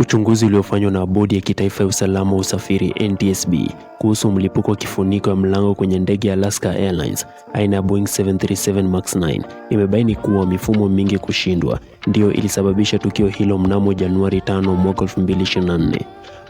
Uchunguzi uliofanywa na Bodi ya Kitaifa ya Usalama wa Usafiri NTSB kuhusu mlipuko wa kifuniko ya mlango kwenye ndege ya Alaska Airlines aina ya Boeing 737 Max 9 imebaini kuwa mifumo mingi kushindwa ndiyo ilisababisha tukio hilo mnamo Januari 5 mwaka 2024.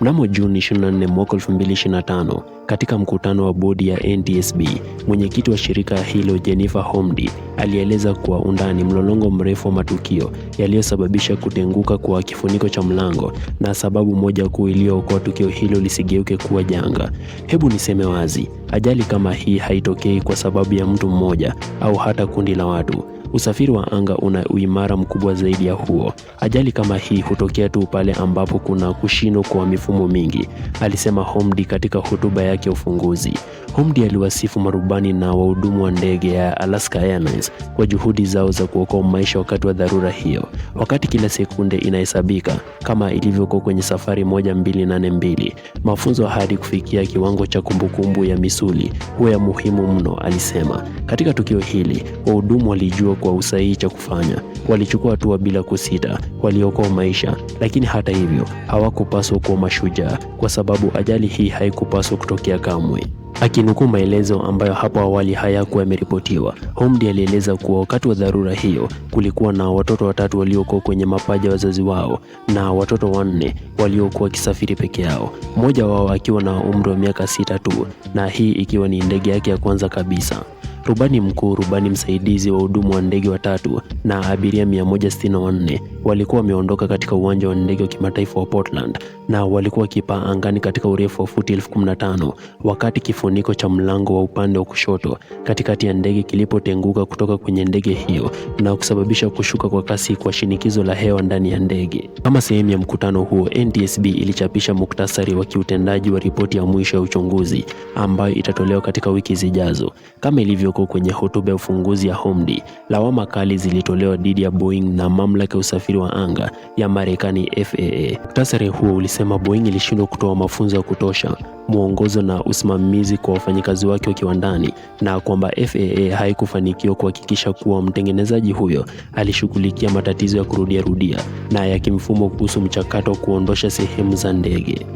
Mnamo Juni 24 mwaka 2025, katika mkutano wa bodi ya NTSB, mwenyekiti wa shirika hilo Jennifer Homdi alieleza kwa undani mlolongo mrefu wa matukio yaliyosababisha kutenguka kwa kifuniko cha mlango na sababu moja kuu iliyokuwa tukio hilo lisigeuke kuwa janga. Hebu niseme wazi, ajali kama hii haitokei kwa sababu ya mtu mmoja au hata kundi la watu. Usafiri wa anga una uimara mkubwa zaidi ya huo. Ajali kama hii hutokea tu pale ambapo kuna kushindwa kwa mifumo mingi, alisema Homdi katika hotuba yake ya ufunguzi. Homdi aliwasifu marubani na wahudumu wa ndege ya Alaska Airlines kwa juhudi zao za kuokoa maisha wakati wa dharura hiyo, wakati kila sekunde inahesabika kama ilivyokuwa kwenye safari 1282. Mafunzo hadi kufikia kiwango cha kumbukumbu ya misuli huwa ya muhimu mno, alisema. Katika tukio hili wahudumu walijua kwa usahihi cha kufanya. Walichukua hatua bila kusita, waliokoa maisha. Lakini hata hivyo hawakupaswa kuwa mashujaa, kwa sababu ajali hii haikupaswa kutokea kamwe. Akinukuu maelezo ambayo hapo awali hayakuwa yameripotiwa, Homdi alieleza kuwa wakati wa dharura hiyo kulikuwa na watoto watatu waliokuwa kwenye mapaja ya wazazi wao na watoto wanne waliokuwa wakisafiri peke yao, mmoja wao akiwa na umri wa miaka sita tu, na hii ikiwa ni ndege yake ya kwanza kabisa. Rubani mkuu, rubani msaidizi, wahudumu wa ndege watatu na abiria 164 walikuwa wameondoka katika uwanja wa ndege wa kimataifa wa Portland na walikuwa wakipaa angani katika urefu wa futi elfu wakati kifuniko cha mlango wa upande wa kushoto katikati ya ndege kilipotenguka kutoka kwenye ndege hiyo na kusababisha kushuka kwa kasi kwa shinikizo la hewa ndani ya ndege. Kama sehemu ya mkutano huo, NTSB ilichapisha muktasari wa kiutendaji wa ripoti ya mwisho ya uchunguzi ambayo itatolewa katika wiki zijazo. Kama ilivyo Kioko kwenye hotuba ya ufunguzi ya HOMDI, lawama kali zilitolewa dhidi ya Boeing na mamlaka ya usafiri wa anga ya Marekani FAA. Muktasari huo ulisema Boeing ilishindwa kutoa mafunzo ya kutosha, mwongozo na usimamizi kwa wafanyakazi wake wa kiwandani na kwamba FAA haikufanikiwa kuhakikisha kuwa mtengenezaji huyo alishughulikia matatizo ya kurudiarudia na ya kimfumo kuhusu mchakato wa kuondosha sehemu za ndege.